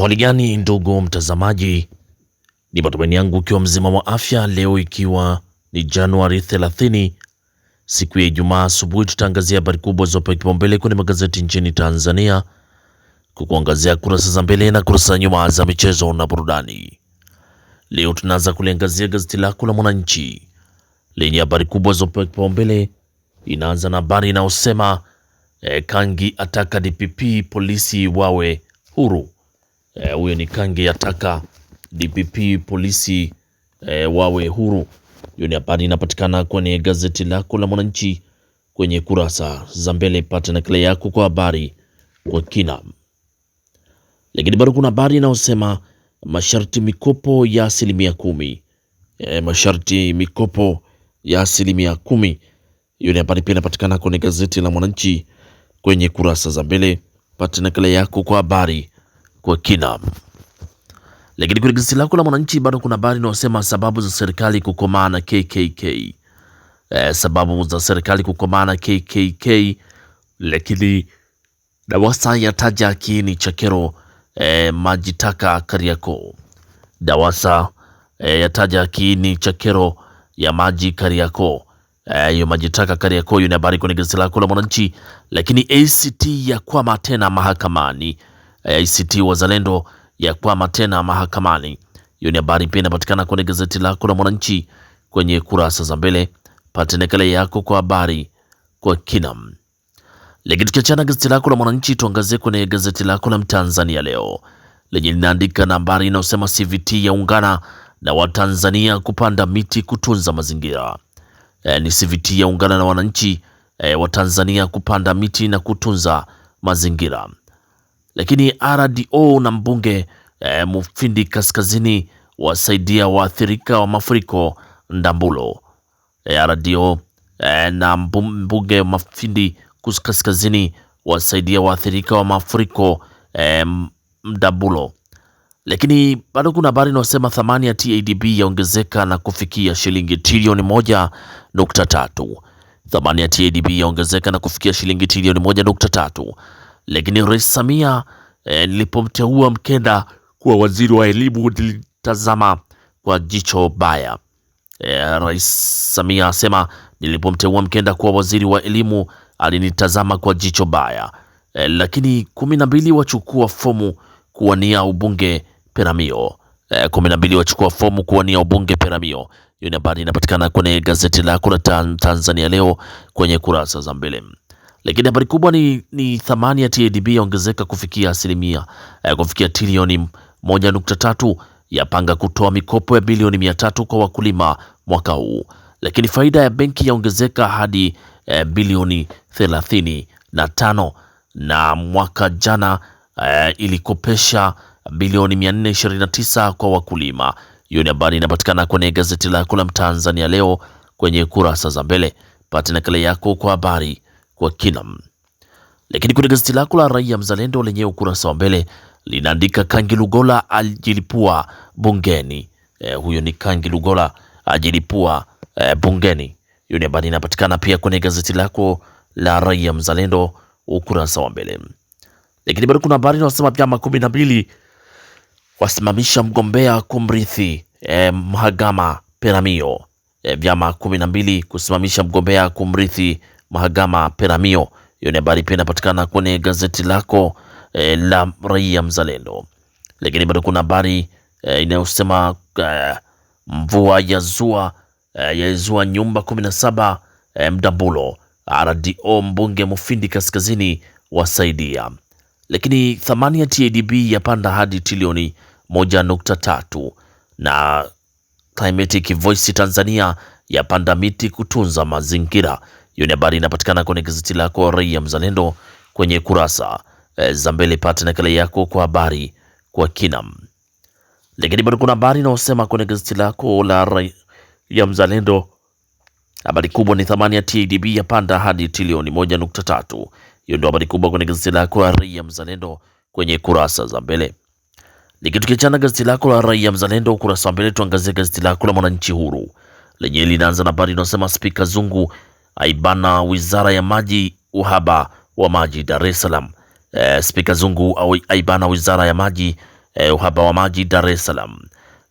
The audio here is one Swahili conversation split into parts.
Hali gani ndugu mtazamaji, ni matumaini yangu ukiwa mzima wa afya. Leo ikiwa ni Januari 30 siku ya Ijumaa asubuhi, tutaangazia habari kubwa zopewa kipaumbele kwenye magazeti nchini Tanzania, kukuangazia kurasa za mbele na kurasa za nyuma za michezo na burudani. Leo tunaanza kuliangazia gazeti lako la Mwananchi lenye habari kubwa zopewa kipaumbele. Inaanza na habari inayosema eh, Kangi ataka DPP polisi wawe huru Eh, huyo ni Kangi yataka DPP polisi e, wawe huru. Hiyo ni habari inapatikana kwenye gazeti lako la Mwananchi kwenye kurasa za mbele. Pata nakala yako kwa habari kwa kina. Lakini bado kuna habari inayosema masharti mikopo ya asilimia kumi. E, masharti mikopo ya asilimia kumi. Hiyo ni habari pia inapatikana kwenye gazeti la Mwananchi kwenye kurasa za mbele. Pata nakala yako kwa habari kwa kina. Lakini kwenye gazeti lako la Mwananchi bado kuna habari inayosema sababu za serikali kukomaa na KKK. Eh, sababu za serikali kukomaa na KKK. Lakini DAWASA yataja kiini cha kero eh, majitaka Kariakoo. DAWASA eh, yataja kiini cha kero ya maji Kariakoo eh, hiyo uh, majitaka Kariakoo. Hiyo ni habari kwenye gazeti lako la Mwananchi. Lakini ACT ya kwama tena mahakamani ya ICT Wazalendo yakwama tena mahakamani. Hiyo ni habari pia inapatikana kwenye gazeti lako la Mwananchi kwenye kurasa za mbele. Pata nakala yako kwa habari kwa kinam. Lakini tukiachana gazeti lako la Mwananchi, tuangazie kwenye gazeti lako la Mtanzania leo lenye linaandika na habari inayosema CVT yaungana na Watanzania kupanda miti kutunza mazingira. E, ni CVT yaungana na wananchi e, eh, wa Tanzania kupanda miti na kutunza mazingira. Lakini RDO na mbunge e, Mufindi Kaskazini wasaidia waathirika wa mafuriko Ndambulo. E, eh, RDO e, eh, na mbunge Mufindi Kaskazini wasaidia waathirika wa mafuriko e, Ndambulo. Lakini bado kuna habari inayosema thamani ya TADB yaongezeka na kufikia shilingi trilioni moja nukta tatu. Thamani ya TADB yaongezeka na kufikia shilingi trilioni moja nukta tatu. Lakini Rais Samia eh, nilipomteua Mkenda kuwa waziri wa elimu nilitazama kwa jicho baya. Eh, Rais Samia asema nilipomteua Mkenda kuwa waziri wa elimu alinitazama kwa jicho baya. Eh, lakini kumi na mbili wachukua fomu kuwania ubunge Peramio. Eh, kumi na mbili wachukua fomu kuwania ubunge Peramio. Hiyo ni habari inapatikana kwenye gazeti lako la Tanzania Leo kwenye kurasa za mbele. Lakini habari kubwa ni, ni thamani ya TADB yaongezeka kufikia asilimia eh, kufikia trilioni 1.3, yapanga kutoa mikopo ya bilioni 300 kwa wakulima mwaka huu. Lakini faida ya benki yaongezeka hadi eh, bilioni 35 na mwaka jana eh, ilikopesha bilioni 429 kwa wakulima. Hiyo ni habari inapatikana kwenye gazeti lako la Mtanzania leo kwenye kurasa za mbele. Pata nakala yako kwa habari kwa kina. Lakini kwenye gazeti lako la Raia Mzalendo lenye ukurasa wa mbele linaandika Kangi Lugola ajilipua bungeni. E, huyo ni Kangi Lugola ajilipua e, eh, bungeni. Hiyo ni habari inapatikana pia kwenye gazeti lako la Raia Mzalendo ukurasa wa mbele. Lakini bado kuna habari inasema vyama kumi na mbili wasimamisha mgombea kumrithi e, Mhagama Peramio. E, vyama kumi na mbili kusimamisha mgombea kumrithi mahagama Peramio. Hiyo ni habari pia inapatikana kwenye gazeti lako e, la Raia Mzalendo. Lakini bado kuna habari e, inayosema e, mvua yazua e, yazua nyumba kumi na saba e, Mdambulo. RDO mbunge Mufindi Kaskazini wasaidia. Lakini thamani ya TADB yapanda hadi trilioni 1.3 na Climatic Voice Tanzania yapanda miti kutunza mazingira. Hiyo ni habari inapatikana kwenye gazeti lako Raia Mzalendo kwenye kurasa e, za mbele. Pata nakala yako kwa habari kwa kinam. Lakini bado kuna habari inayosema kwenye gazeti lako la Raia Mzalendo, habari kubwa ni thamani ya TDB panda hadi trilioni moja nukta tatu. Hiyo ndio habari kubwa kwenye gazeti lako la Raia Mzalendo kwenye kurasa za mbele. Nikitukiachana gazeti lako la Raia Mzalendo kurasa wa mbele, tuangazie gazeti lako la Mwananchi Huru lenyewe linaanza na habari inayosema Spika Zungu aibana wizara ya maji uhaba wa maji Dar es Salaam. E, Spika Zungu aibana wizara ya maji e, uhaba wa maji Dar es Salaam.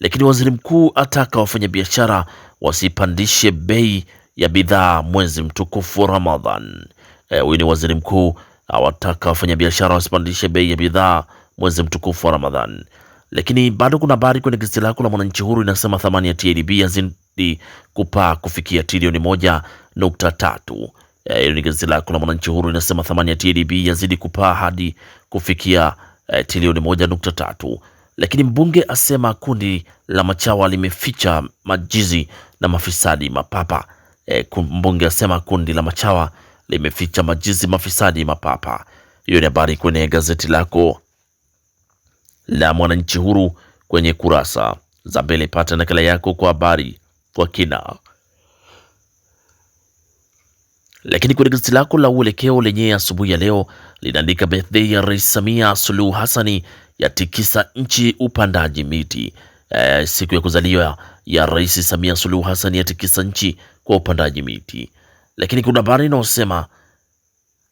Lakini waziri mkuu ataka wafanyabiashara wasipandishe bei ya bidhaa mwezi mtukufu wa Ramadhan. Eh, huyu e, ni waziri mkuu awataka wafanyabiashara wasipandishe bei ya bidhaa mwezi mtukufu wa Ramadhan. Lakini bado kuna habari kwenye gazeti lako la Mwananchi Huru inasema thamani ya TADB yazidi kupaa kufikia trilioni moja nukta tatu. e, ni gazeti lako la Mwananchi Huru inasema thamani ya TDB yazidi kupaa hadi kufikia e, trilioni moja nukta tatu. Lakini mbunge asema kundi la machawa limeficha majizi na mafisadi mapapa. E, mbunge asema kundi la machawa limeficha majizi mafisadi mapapa. Hiyo ni habari kwenye gazeti lako la Mwananchi Huru kwenye kurasa za mbele. Pata nakala yako kwa habari kwa kina. Lakini kwenye gazeti lako la Uelekeo lenyewe asubuhi ya leo linaandika birthday ya Rais Samia Suluhu Hassani tikisa nchi upandaji miti. E, siku ya kuzaliwa ya Rais Samia Suluhu Hassani tikisa nchi kwa upandaji miti. Lakini kuna habari inayosema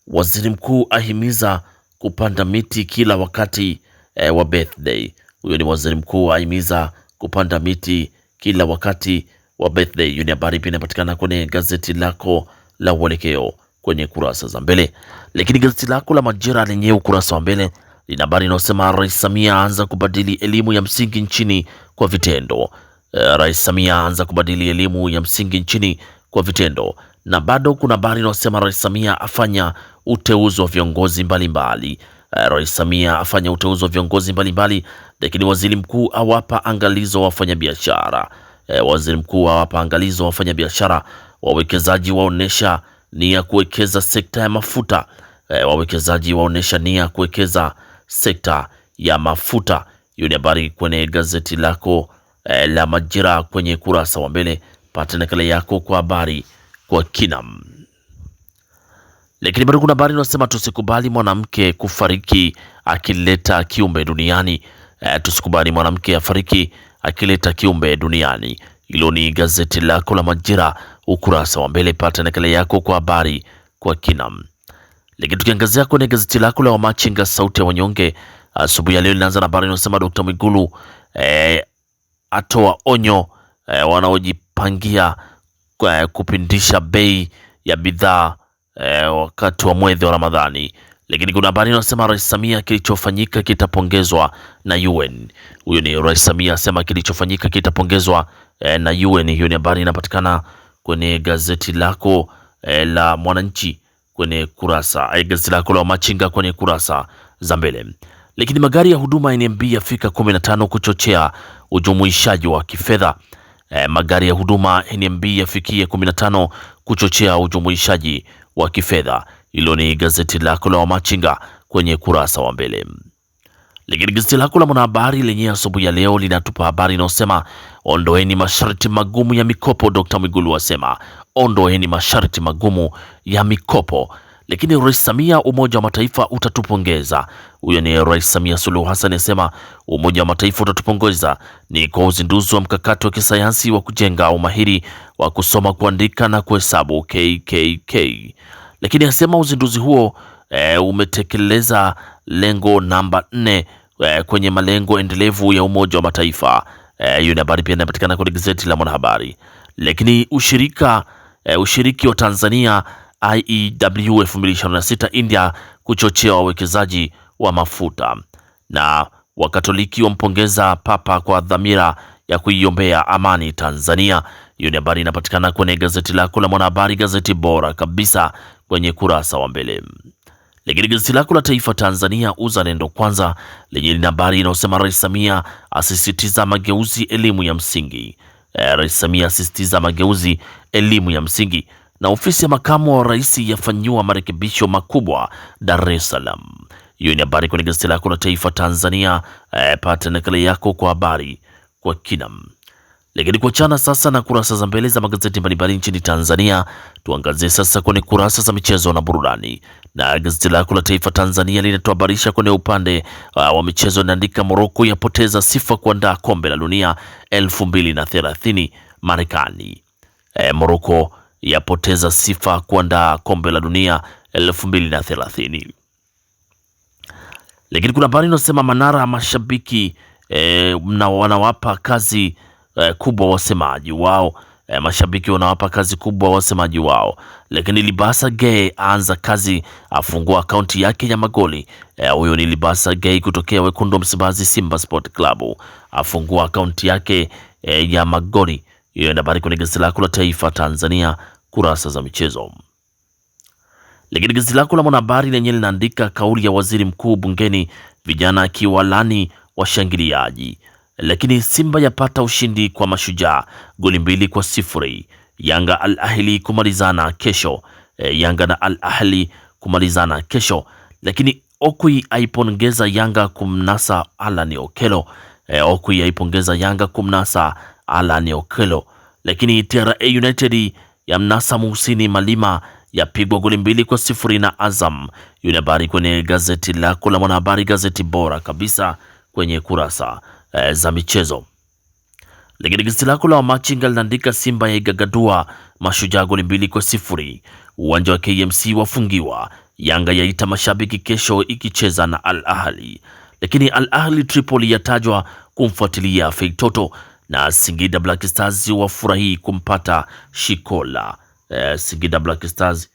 waziri mkuu ahimiza kupanda miti kila wakati e, wa birthday. Huyo ni waziri mkuu ahimiza kupanda miti kila wakati wa birthday. Hiyo ni habari pia inapatikana kwenye gazeti lako la uelekeo kwenye kurasa za mbele. Lakini gazeti lako la Majira lenye ukurasa wa mbele lina habari inayosema Rais Samia aanza kubadili elimu ya msingi nchini kwa vitendo. Eh, Rais Samia aanza kubadili elimu ya msingi nchini kwa vitendo, na bado kuna habari inayosema Rais Samia afanya uteuzi wa viongozi mbalimbali. Eh, Rais Samia afanya uteuzi wa viongozi mbalimbali, lakini waziri mkuu awapa angalizo wafanyabiashara. Eh, waziri mkuu awapa angalizo wafanyabiashara Wawekezaji waonesha nia kuwekeza sekta ya mafuta e, wawekezaji waonesha nia kuwekeza sekta ya mafuta. Hiyo ni habari kwenye gazeti lako e, la Majira kwenye kurasa wa mbele. Pata nakala yako kwa habari kwa kina. Lakini bado kuna habari inasema tusikubali mwanamke kufariki akileta kiumbe duniani. E, tusikubali mwanamke afariki akileta kiumbe duniani. Hilo ni gazeti lako la Majira ukurasa wa mbele. Pata nakala yako kwa habari kwa kina. Lakini tukiangazia kwenye gazeti lako la Wamachinga sauti ya wanyonge asubuhi ya leo linaanza na habari inayosema Dr. Mwigulu e, atoa onyo e, wanaojipangia eh, kupindisha bei ya bidhaa e, wakati wa mwezi wa Ramadhani. Lakini kuna habari inayosema Rais Samia kilichofanyika kitapongezwa na UN. Huyo ni Rais Samia asema kilichofanyika kitapongezwa e, na UN. Hiyo ni habari inapatikana kwenye gazeti lako eh, la Mwananchi kwenye kurasa e, gazeti lako la Machinga kwenye kurasa za mbele. Lakini magari ya huduma NMB yafika 15 kuchochea ujumuishaji wa kifedha. e, magari ya huduma NMB yafikie 15 kuchochea ujumuishaji wa kifedha. Hilo ni gazeti lako la Machinga kwenye kurasa wa mbele. Lakini gazeti lako la Mwanahabari lenye asubuhi ya leo linatupa habari inayosema Ondoeni masharti magumu ya mikopo, Dr. Mwigulu asema ondoeni masharti magumu ya mikopo. Lakini Rais Samia, Umoja wa Mataifa utatupongeza. Huyo ni Rais Samia Suluhu Hassan asema Umoja wa Mataifa utatupongeza ni kwa uzinduzi wa mkakati wa kisayansi wa kujenga umahiri wa kusoma, kuandika na kuhesabu KKK. Lakini asema uzinduzi huo e, umetekeleza lengo namba nne e, kwenye malengo endelevu ya Umoja wa Mataifa. Eh, hiyo e, habari pia inapatikana kwenye gazeti la Mwanahabari. Lakini ushirika e, ushiriki wa Tanzania IEW 2026 India kuchochea wawekezaji wa mafuta, na Wakatoliki wampongeza Papa kwa dhamira ya kuiombea amani Tanzania. Hiyo ni habari inapatikana kwenye gazeti lako la Mwanahabari, gazeti bora kabisa kwenye kurasa wa mbele. Lakini gazeti lako la Taifa Tanzania Uzalendo Kwanza lenye habari inayosema Rais Samia asisitiza mageuzi elimu ya msingi. E, Rais Samia asisitiza mageuzi elimu ya msingi na ofisi ya makamu wa rais yafanyiwa marekebisho makubwa Dar es Salaam. Hiyo ni habari kwenye gazeti lako la Taifa Tanzania. E, pata nakala yako kwa habari kwa kinam. Lakini kuachana sasa na kurasa za mbele za magazeti mbalimbali nchini Tanzania, tuangazie sasa kwenye kurasa za michezo na burudani. Na gazeti lako la Taifa Tanzania linatuhabarisha kwenye upande uh, wa michezo inaandika Morocco yapoteza sifa kuandaa kombe la dunia 2030 Marekani. E, Morocco yapoteza sifa kuandaa kombe la dunia 2030. Lakini kuna habari inasema Manara mashabiki e, na wanawapa kazi e, kubwa wasemaji wao E, mashabiki wanawapa kazi kubwa wasemaji wao, lakini Libasa Gay aanza kazi, afungua akaunti yake ya magoli. Eh, huyo e, ni Libasa Gay kutokea wekundu wa Msimbazi, Simba Sport Club, afungua akaunti yake e, ya magoli. Hiyo ni habari kwenye gazeti lako la Taifa Tanzania kurasa za michezo. Lakini gazeti lako la Mwanahabari lenye linaandika kauli ya waziri mkuu bungeni, vijana akiwa lani washangiliaji lakini Simba yapata ushindi kwa Mashujaa goli mbili kwa sifuri. Yanga Al Ahli kumalizana kesho. E, Yanga na Al Ahli kumalizana kesho, lakini Okwi aipongeza Yanga kumnasa Alani Okelo. E, Okwi aipongeza Yanga kumnasa Alani Okelo, lakini TRA United ya mnasa Muhsini Malima yapigwa goli mbili kwa sifuri na Azam. Hiyo ni habari kwenye gazeti lako la Mwanahabari, gazeti bora kabisa kwenye kurasa e, za michezo. Lakini gazeti lako la Wamachinga linaandika Simba yaigagadua mashujaa goli mbili kwa sifuri, uwanja wa KMC wafungiwa, Yanga yaita mashabiki kesho ikicheza na Al Ahli. Lakini Al Ahli Tripoli yatajwa kumfuatilia Feitoto na Singida Black Stars wafurahii kumpata Shikola. E, Singida Black Stars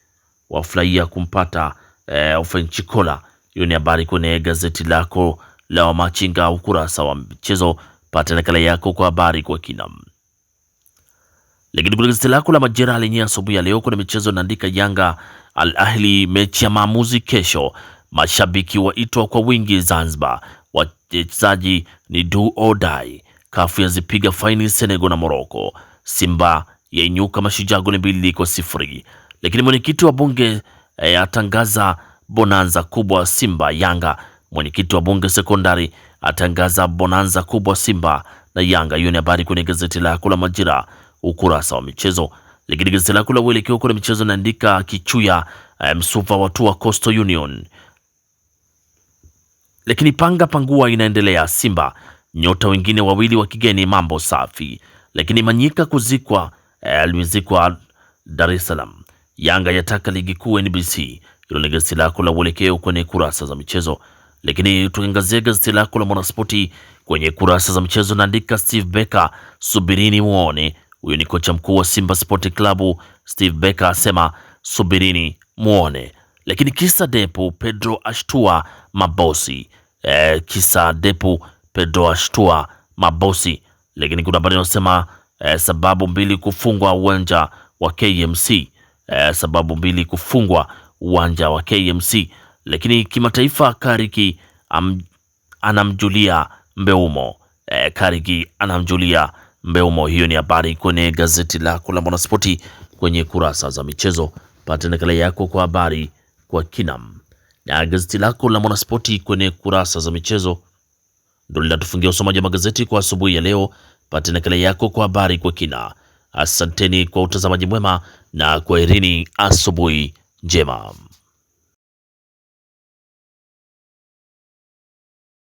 wafurahia kumpata e, eh, Ofenchikola. Hiyo ni habari kwenye gazeti lako la wamachinga ukurasa wa mchezo. Pata nakala yako kwa habari kwa kina. Lakini kuna gazeti lako la Majira lenye asubuhi ya leo kuna michezo naandika Yanga Al Ahli mechi ya maamuzi kesho, mashabiki waitwa kwa wingi Zanzibar, wachezaji ni do or die, kafu yazipiga faini Senegal na Morocco, Simba yainyuka mashujaa goli mbili kwa sifuri. Lakini mwenyekiti wa bunge eh, atangaza bonanza kubwa Simba Yanga Mwenyekiti wa bunge sekondari atangaza bonanza kubwa Simba na Yanga. Hiyo ni habari kwenye gazeti lako la Majira ukurasa wa michezo. Lakini gazeti lako la Uelekeo kwenye michezo naandika kichuya eh, msufa watu wa Coastal Union, lakini panga pangua inaendelea Simba, nyota wengine wawili wa kigeni, mambo safi. Lakini Manyika kuzikwa eh, alimezikwa Dar es Salaam. Yanga yataka ligi kuu NBC. Hilo ni gazeti lako la Uelekeo kwenye kurasa za michezo. Lakini tukiangazia gazeti lako la Mwanaspoti kwenye kurasa za mchezo, naandika Steve Becker, subirini muone. Huyu ni kocha mkuu wa Simba Sport Club Steve Becker asema subirini muone. Lakini kisa depo Pedro ashtua mabosi e, kisa depo Pedro ashtua mabosi. Lakini kuna habari inasema e, sababu mbili kufungwa uwanja wa KMC e, sababu mbili kufungwa uwanja wa KMC lakini kimataifa Kariki am, anamjulia Mbeumo e, Kariki anamjulia Mbeumo. Hiyo ni habari kwenye gazeti lako la Mwanaspoti kwenye kurasa za michezo. Pata nakala yako kwa habari kwa kinam na gazeti lako la Mwanaspoti kwenye kurasa za michezo ndio linatufungia usomaji wa magazeti kwa asubuhi ya leo. Pata nakala yako kwa habari kwa kina. Asanteni kwa utazamaji mwema na kwaherini, asubuhi njema.